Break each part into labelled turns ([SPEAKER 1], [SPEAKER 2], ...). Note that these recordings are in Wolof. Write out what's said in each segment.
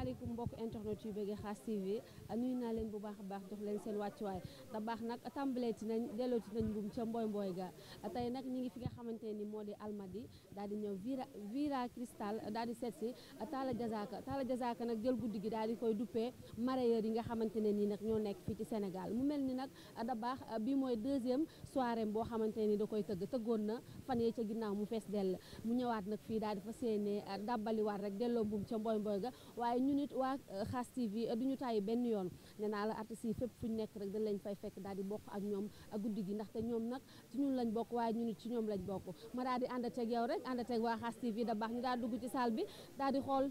[SPEAKER 1] asalaamaaleykum mbokk internet yu bëgg Khass TV nuyu naa leen bu baax a baax jox leen seen wàccuwaay da baax nag tàmbaleeti nañ dellooti nañ mbum ca mboy mbooy ga tey nag ñi ngi fi nga xamante ni moo di almadi daal di ñëw vira vira cristal daal di seet si taala jazaaka taala jazaaka nag jël guddi gi daal di koy duppee mareyeur yi nga xamante ne nii nag ñoo nekk fii ci Sénégal mu mel ni nag da baax bi mooy deuxième soirée boo xamante ni da koy tëgg tëggoon na fan yee ca ginnaaw mu fees dell mu ñëwaat nag fii daal di fa séenee dàbbaliwaat rek delloo mbum ca mboy mboy ga ñu nit waa euh, Xaas TV euh, du tàyyi benn yoon nee naa la artistes yi fépp fu ñu nekk rek dañ lañ fay fekk daal di bokk ak ñoom ak guddi gi ndaxte ñoom nag ci ñun lañ bokk waaye ñu nit ci ñoom lañ bokk ma daal di àndateeg yow rek àndateeg waa Xaas TV da baax ñu daal dugg ci salle bi daal di xool.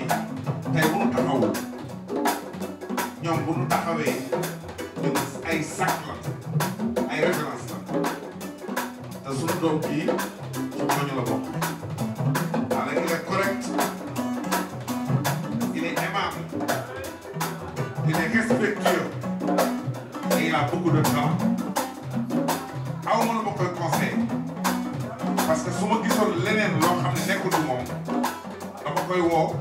[SPEAKER 2] ni tey bu ñoom bu nu ay sac ay référence la te suñu doom bii la bokk alors il est correct il est aimable il est respectueux et il a beaucoup de talent aw ma la ma koy conseil parce que su leneen loo xam ne nekkul moom dama koy woo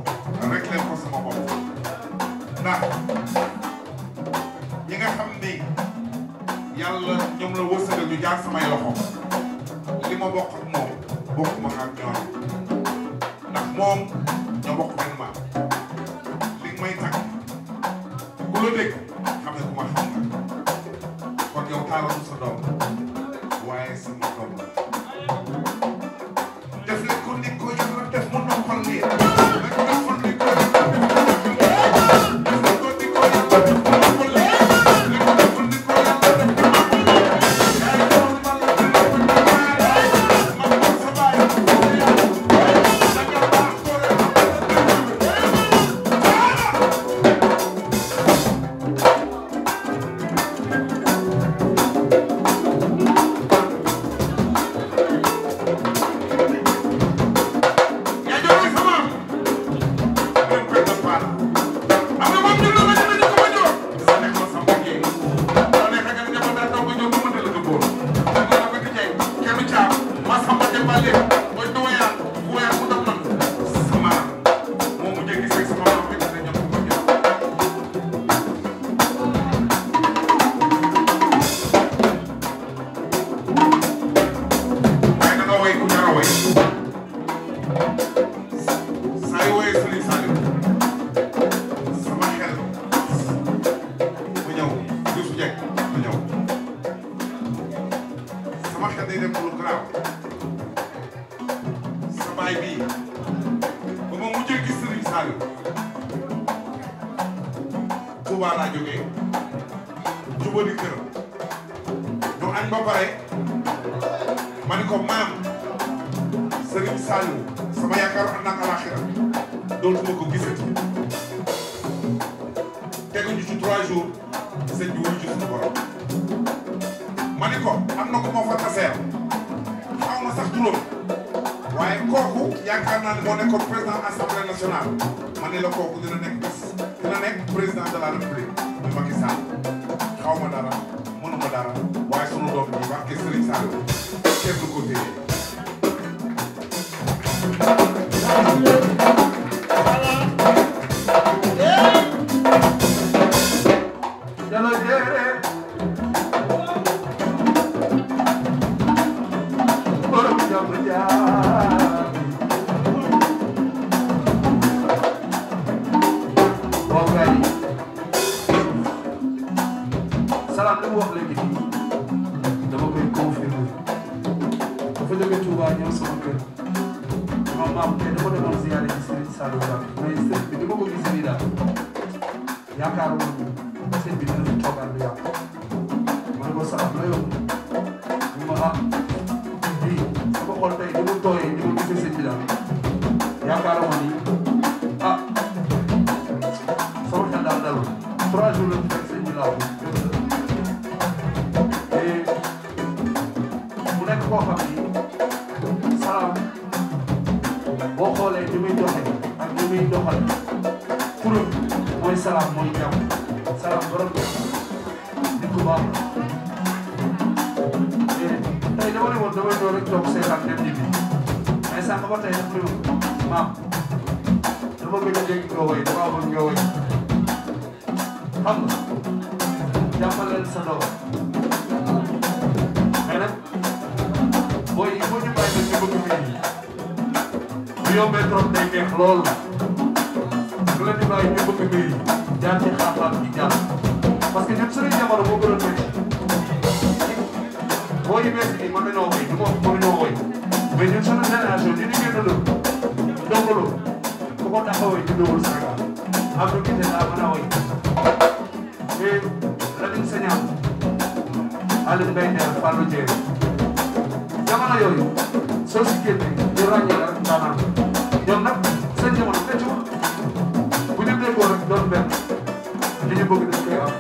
[SPEAKER 2] dara mënuma dara waaye sunu doom bi wax ki Serigne Saliou trois jours lañ fekk sëñ bi mu nekk koo xam ni salaam boo xoolee li muy doxe ak li muy doxal kuréel mooy salaam salaam borom nit ku baax te eh, tey dama ne woon damay doon rek toog seetaan dem ñibbi mais sànq ba tey daf ne maam dama gën a dégg nga woy dama bëgg
[SPEAKER 3] xam nga jàppaleel sa doom mais nag booy yi boo ñu bàyyi ñu bëgg mbir yi bu yombee trop day neex lool bu la ñu bàyyi ñu bëgg mbir yi jaar ci
[SPEAKER 2] xaaxaat bi jàll parce que ñun suñu jamono moo gënoon métti boo yi métti nii mën nañoo woy du ma mënuñoo woy mais ñun suñu génération ñu ngi génn loolu ndongolo ku ko taxawee ñu dóorul Sénégal am na gis-gis daa mën a woy et Lamine Sagnal Alioune Mbaye Nder Fallou Dieng jamono yooyu soo si génnee ñu ràññee rek daanaka ñoom nag seen jamono fecciwul bu ñu déggoo rek doon benn li ñu bëgg dañ koy am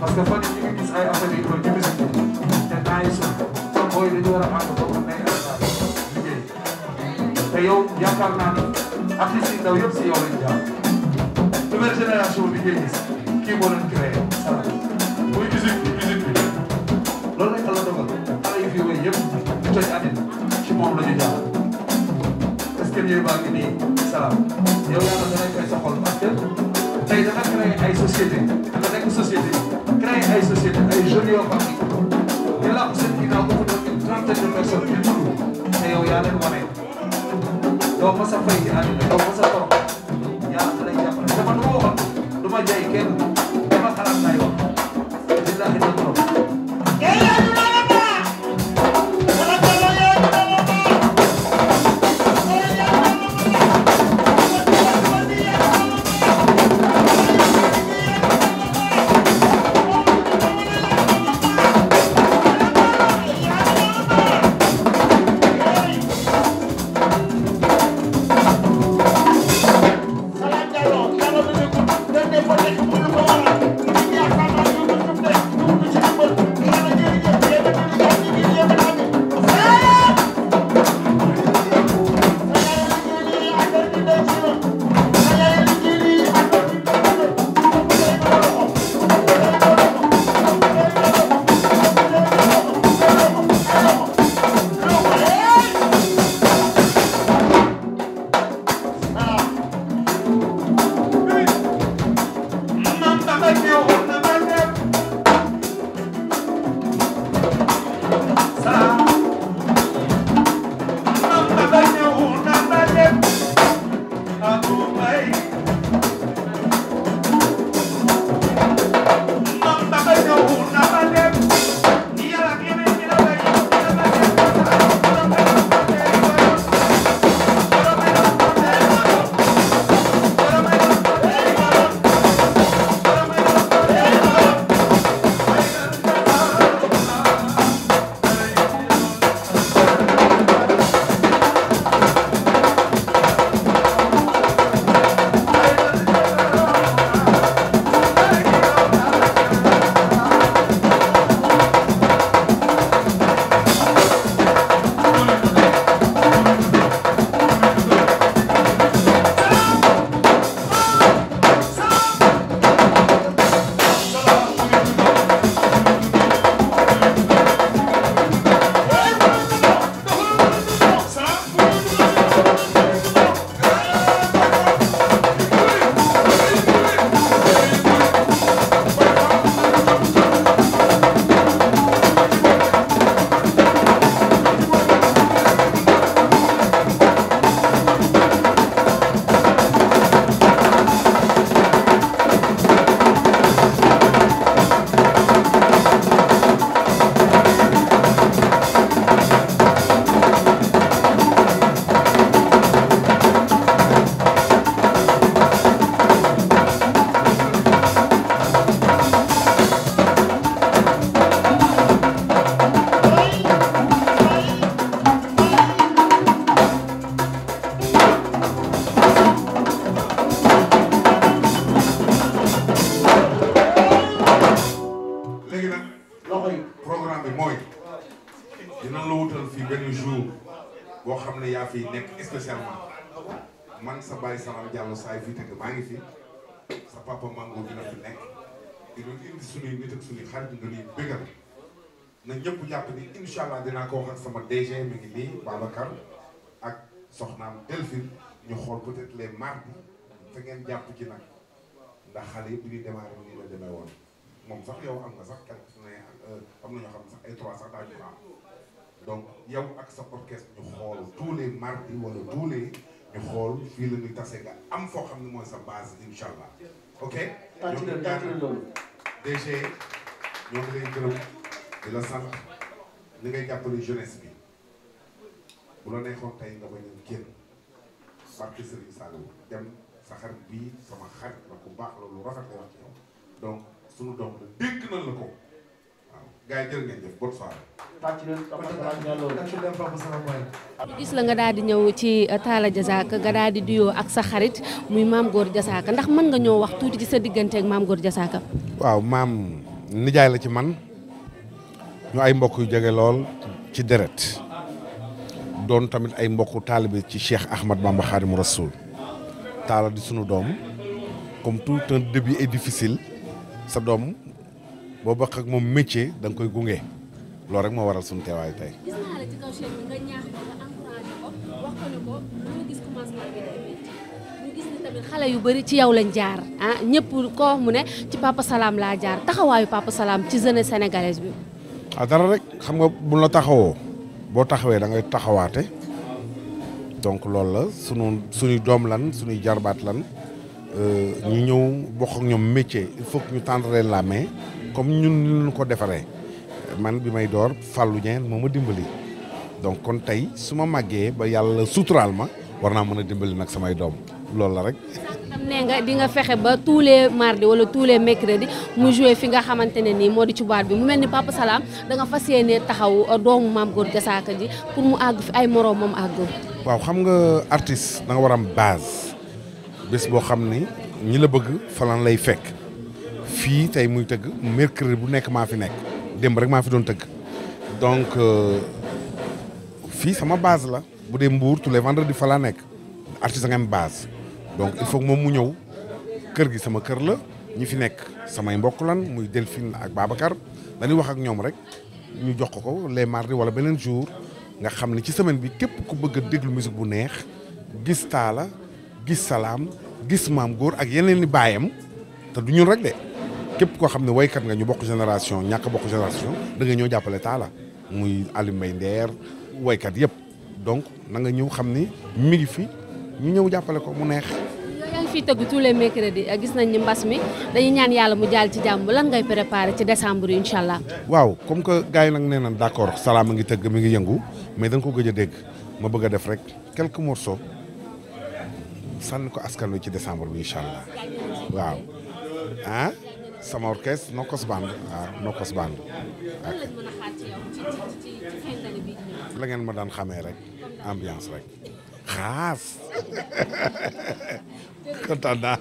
[SPEAKER 2] parce que fan yii ñu ngi gis ay affaires yu bëri ñu musique te temps yi suuf comme booy yi a ànd ba mu nekk ànd liggéey te yow yaakaar naa ne artistes yi ndaw yëpp si yow lañ jaar nouvelle génération bi ngay gis kii moo leen musique bi musique
[SPEAKER 1] bi loolu rek la dogal xale yu fi wéy yëpp di toj àddina ci moom la ñu jàll parce que yooyu baa ngi nii salaam yow yàlla
[SPEAKER 2] da lay fay sa xol parce que tey da nga créé ay société da nga nekk société créé ay société ay jeunes yoo xam ne yàlla am seen ginnaaw bu mu doon une trentaine de personnes ñu dund te yow yaa leen wane doo ma sa fay ci àddina doo ma sa toog yàlla da lay jàppale dama nu ma waxoon du ma jaay kenn di doon indi suñuy nit ak suñuy xarit di leen bégal na ñëpp jàpp ni incha allah dinaa ko wax ak sama DG mi ngi nii Babacar ak soxnaam Delphine ñu xool peut-être les mardi te ngeen jàpp ci nag ndax xale yëpp bi ñuy démarré nii la demee moom sax yow am nga sax quelque ne euh, am na ñoo xam sax ay trois sax daañu donc yow ak sa orchestre ñu xool tous les mardis wala tous les. ñu xool fii la tase nga am foo xam ne mooy sa base incha allah ok. ñoo ngi loolu. DG ñoo ngi lay gërëm di la sant li ngay jàppale jeunesse bi bu la neexoon tey nga bañ a génn barke Serigne Saliou dem sa xarit bii sama xarit la ku baax la lu rafet la wax ci donc sunu doom la dégg na la ko.
[SPEAKER 1] gis la nga daal di ñëw ci euh, taala Diazaka nga daal di duyoo ak sa xarit muy Maam Góor Diazaka ndax mën nga ñoo wax tuuti ci sa diggante ak Maam Góor Diazaka.
[SPEAKER 2] waaw maam nijaay la ci man ñu ay mbokk yu jege lool ci deret doon tamit ay mbokku taalibe ci Cheikh Ahmad Bamba Xaadimu Rasuul Talla di sunu doom comme tout un début est difficile sa doom boo bokk ak moom métier da koy gunge loolu rek moo waral suñu teewaay tey.
[SPEAKER 1] gis ci xale yu bëri ci yow lañ jaar ah ñëpp wax mu ne ci Papa Salam laa jaar taxawaayu Papa Salam ci jeunesse sénégalaise bi.
[SPEAKER 2] ah dara rek xam nga buñ la taxawoo boo taxawee dangay taxawaate donc loolu la sunu suñuy doom lan suñuy jarbaat lan. ñu ñëw bokk ak ñoom métier il faut ñu tendre la mais comme ñun ñu ko defaree man bi may door Fallou Dieng moo ma dimbali donc kon tey su ma màggee ba yàlla suturaal ma war naa mën a dimbali nag samay doom loolu la rek.
[SPEAKER 1] nee nga di fexe ba tous les mardi wala tous les mercredi mu ah. joué fi nga xamante ne nii moo di ci boîte bi mu mel ni Papa Salam da nga fas taxaw uh, doomu Maam Góor Gassaka ji pour mu àgg fi ay moroom moom àgg.
[SPEAKER 2] waaw xam nga artiste da nga war am base. bés boo xam ni ñi la bëgg falan lay fekk fii tey muy tëgg mercredi bu nekk maa fi nekk démb rek maa fi doon tëgg donc euh, fii sama base la bu dee Mbour tous les vendredis fa nekk artiste nga am base donc il faut moom mu ñëw kër gi sama kër la ñi fi nekk sama mbokk lan muy Delphine ak Babacar dañuy wax ak ñoom rek ñu jox ko ko les mardi wala beneen jour nga xam ne ci semaine bi képp ku bëgg a déglu musique bu neex gis taala gis salaam gis maam góor ak yeneen i baayam te du ñun rek de képp koo xam ne woykat nga ñu bokk génération ñàkk bokk génération da nga ñëw jàppale taala muy Aliou Mbaye Nder waykat yëpp donc na nga ñëw xam ni mi ngi fi ñu ñëw jàppale ko mu neex.
[SPEAKER 1] yaa ngi fiy tëgg tous les mercredis eh, gis nañ ni mbas mi dañuy ñaan yàlla mu jàll ci jàmm lan ngay préparé ci décembre yi incha allah.
[SPEAKER 2] waaw comme que gars yi nag nee nañ d' accord salaam a ngi tëgg mi ngi yëngu mais dañ ko gëj a dégg ma bëgg a def rek quelques morceaux. sànn ko askan wi ci décembre bi incha allah waaw ah sama orchestre Nokos Band waaw ah, Nokos Band ok
[SPEAKER 1] la ngeen ma daan xamee rek ambiance rek xaas kontaan naa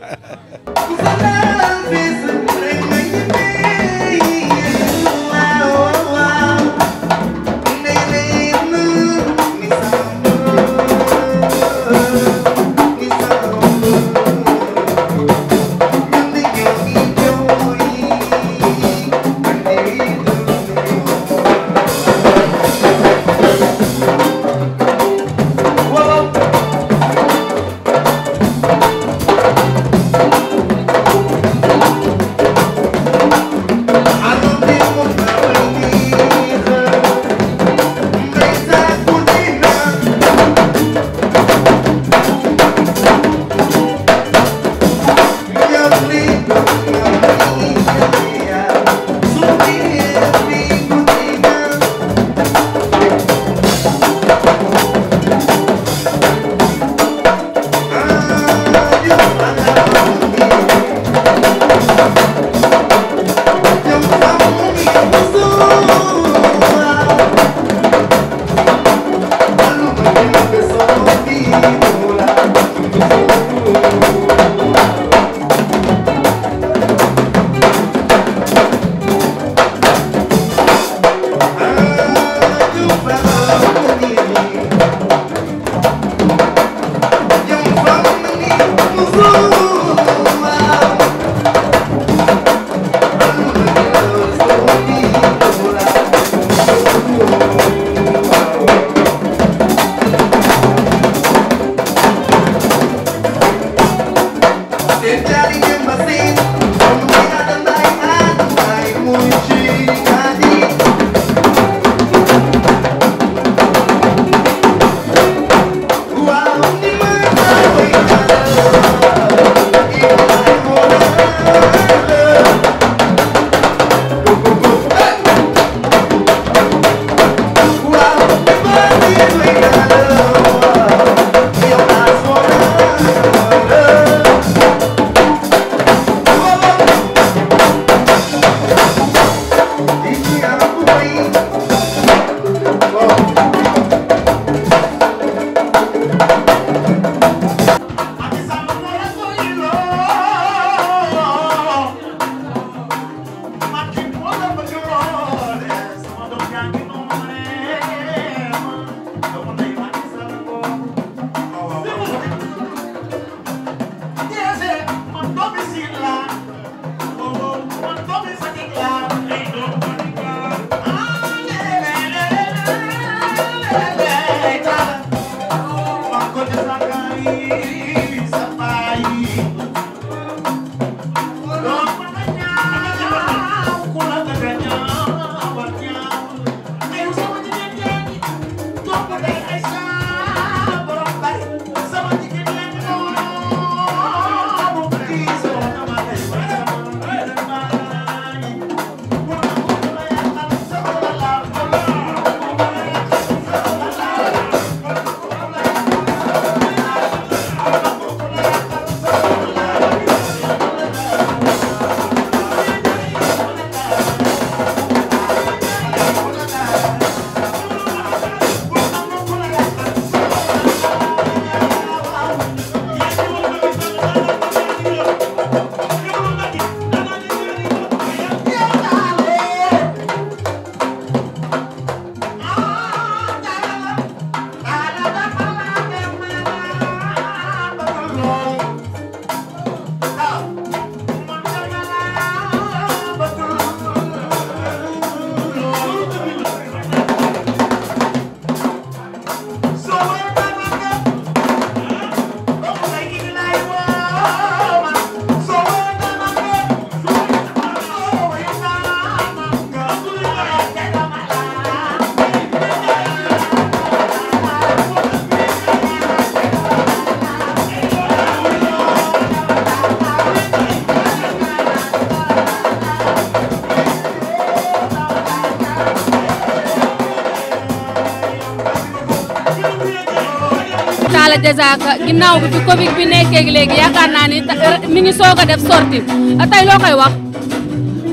[SPEAKER 1] dèjà ginnaaw bi fi Covid bi nekkee léegi yaakaar naa ni er, mi ngi soog a def sorti ah, tey loo koy wax.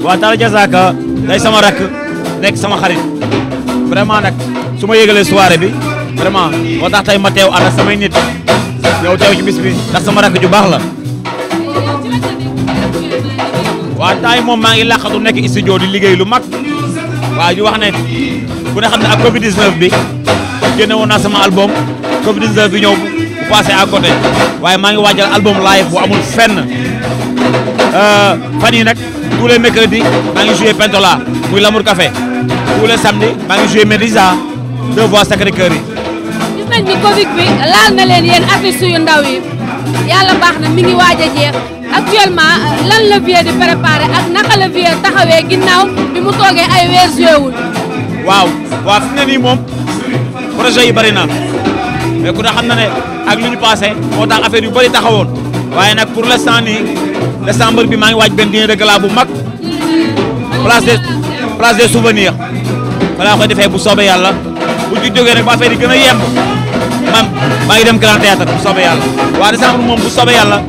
[SPEAKER 4] waaw Talla Diazaka day sama rakk nekk sama xarit vraiment nag su ma yëgalee soirée bi vraiment moo tax tey ma teew ànd ak samay nit teew ci bis bi ndax sama rakk ju baax la. waa tay moom maa ngi laqatu nekk studio di liggéey lu mag waa ñu wax ne ku ne xam ne ak Covid 19 bi génne woon naa sama album Covid 19 bi ñëw. passé à côté waaye maa ngi waajal album live bu amul fenn euh, fan yi nag tous les mercredis maa ngi joué Pentola muy Lamour Café tous les maa ngi joué Médisa deux voies Sacré-Cœur yi.
[SPEAKER 1] gis nañ bi laal na leen yéen artistes yi yàlla baax na mi ngi waaj a jeex actuellement lan la di préparer ak naka la Vieux taxawee ginnaaw bi mu toogee ay weer joué
[SPEAKER 4] waaw waaw fi ne nii moom projet yi bari na ku ne na ne. ak lu ñu moo tax affaire yu bëri taxawoon waaye nag pour l'instant nii décembre bi maa ngi waaj benn dîner de gala bu mag place des place des souvenirs balaa koy defee bu soobee yàlla bu ci jógee nag ba affaire yemb man maa ngi dem grand théâtre bu soobee yàlla waaw décembre moom bu soobee yàlla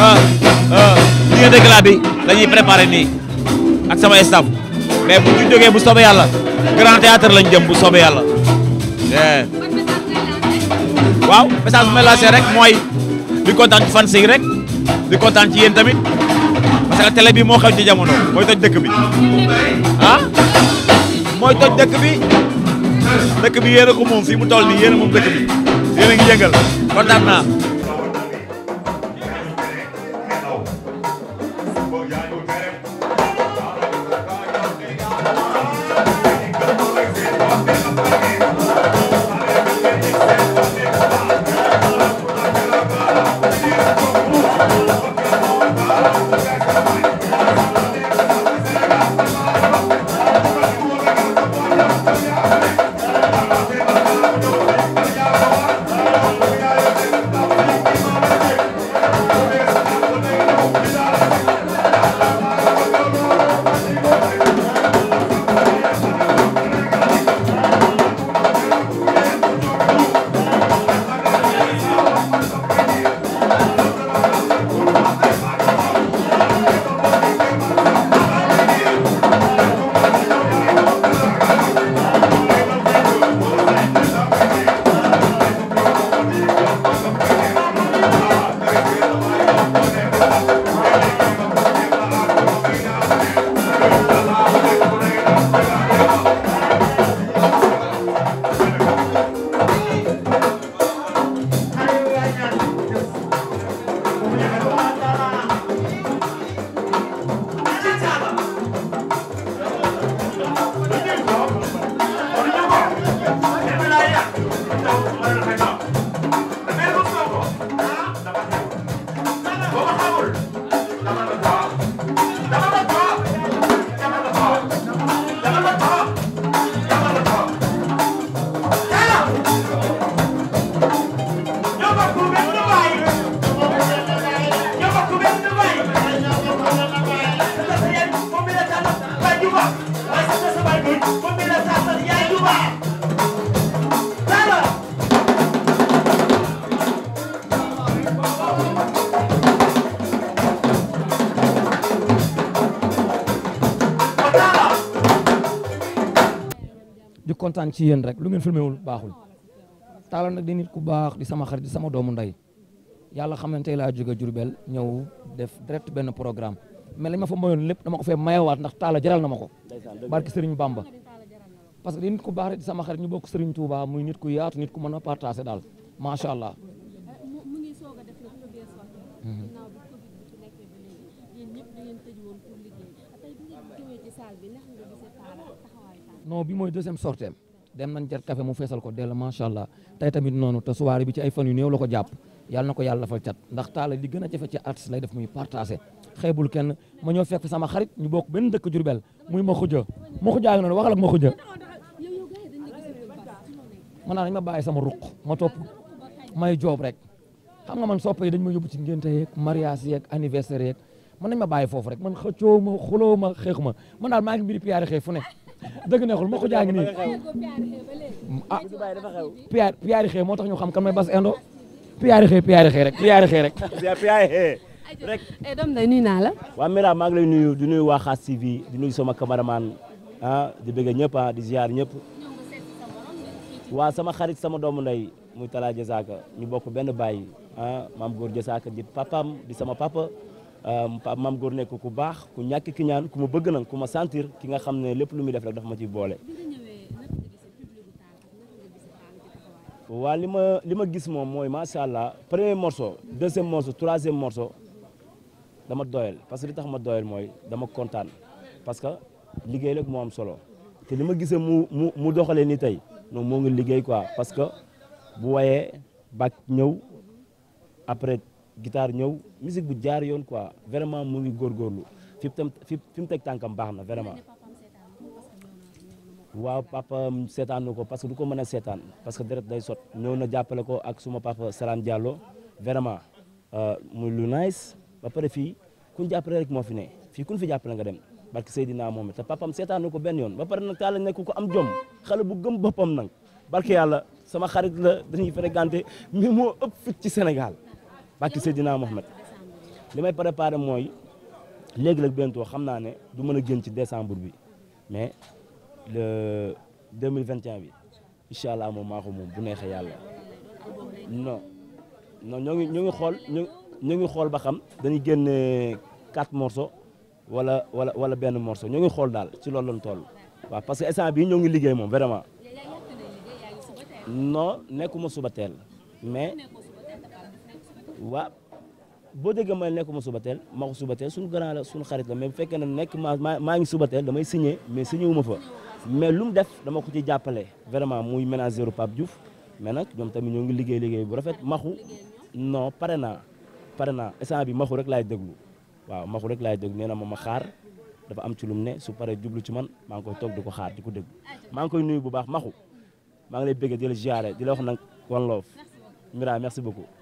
[SPEAKER 4] ah, ah, dîner de gala ak sama staff mais bu ci jógee bu soobee yàlla lañ jëm bu soobee yàlla waaw message bu may lancé rek mooy di kontaan ci fans yi rek di kontaan ci yéen tamit parce que télé bi moo xew ci jamono mooy toj dëkk bi ah mooy toj dëkk bi dëkk bi yéen a ko moom mu toll nii yéen a moom dëkk bi yéen ngi yëngal kontaan naa. di
[SPEAKER 5] kontaan ci yéen rek lu ngeen filmé wul baaxul Talla nag di nit ku baax di sama xarit di sama doomu ndey yàlla xam ne tey laa jóge Jurbel ñëw def direct benn programme mel na ma fa mayoon lépp dama ko fee mayawaat ndax taala jaral na ma ko barki Serigne Bamba parce que di nit ku baax sama xarit ñu bokk Serigne Touba muy nit ku yaatu nit ku mën a daal macha allah mhm. non bi mooy deuxième sorteem dem nañ jar café mu feesal ko dell macha allah tey tamit noonu te soirée bi ci ay yu néew la ko jàpp yàlla na ko yàlla dafal cat ndax taala li gën a jafe ci artiste lay def muy partagé xeebul kenn ma ñoo fekk sama xarit ñu bokk benn dëkk Jurbel muy ma xuja ma xujaa ngi noonu waxal ak ma xuja ma naa dañ ma bàyyi sama ruq ma topp may joob rek xam nga man soppe yi dañ ma yóbbu ci ngénte yeeg mariage yeeg anniversaire yeeg man nañ ma bàyyi foofu rek man xëccoo ma xuloo ma xeexu ma man daal maa ngi mbiri piyaari xeex fu ne dëgg neexul ma xujaa ngi nii ah, piyaari xeex moo tax ñu xam kan may bas indo piyaari xeex piyaari xeex rek piyaari xeex rek rek
[SPEAKER 1] doom eh, day nuyu naa la.
[SPEAKER 3] maa ngi lay nuyu di nuyu waa Xaas TV di nuyu sama cameraman ah di bëgg ñëpp ah, di ziar ñëpp. waa sama xarit sama doomu ndey muy Talla Diazaka ñu bokk benn baay ah maam góor Diazaka di papam di sama papa. maam góor nekk ku baax ku ñàkk ki ñaan ku ma bëgg nag ku ma sentir ki nga xam ne lépp lu muy def rek dafa ma ci boole. waa li ma li ma gis moom mooy macha allah premier morceau deuxième morceau troisième morceau. dama doyal parce que li tax ma doyal mooy dama kontaan parce que liggéey rek moo am solo te li ma gisee mu mu mu doxalee ni tey noo moo ngi liggéey quoi parce que bu wayee bac ñëw après gitaar ñëw musique bu jaar yoon quoi vraiment mu ngi góorgóorlu fi mu tam fi mu teg tànkam baax na vraiment. waaw papaam seetaan na ko parce que du ko mën a seetaan parce que deret day sot ñëw na jàppale ko ak suma papa Salam Diallo vraiment euh, mu lu nice ba pare fii kuñ jàppale rek moo fi ne fii kuñ fi jàppale nga dem barke Seydina Mohamed te papam seetaan na ko benn yoon ba pare nag taala nekk ko am jom xale bu gëm boppam nag barke yàlla sama xarit la dañuy fréquenté mais moo ëpp fit ci Sénégal barke Seydina Mohamed li may préparé mooy léegi la bentoo xam naa ne du man a génn ci décembre bi mais le mille 2021 bi incha allah moom maa ko moom bu neexee yàlla non non ñoo ñu ngi xool ba xam dañuy génne quatre morceaux wala wala wala benn morso ñu ngi xool daal ci loolu lañ toll waa parce que instant bii ñoo ngi liggéey moom vraiment non nekkuma suba teel mais waa boo déggee may nekkuma suba teel ma ko suba teel suñu grand la suñu xarit la fekkee ne nekk maa maa ngi suba teel damay signé mais signé ma fa mais lum def dama ko ci jàppale vraiment muy ménageru Pape Diouf mais nag ñoom tamit ñoo ngi liggéey liggéey bu rafet maxu non pare naa pare na instant bi maxu rek laay déglu waaw maxu rek laay déglu nee na ma ma xaar dafa am ci lum ne su paree jublu ci man maa ngi koy toog di ko xaar di ko déglu maa ngi koy nuyu bu baax maxu maa ngi lay bëgg di la ziare di la wax nag one Mira merci beaucoup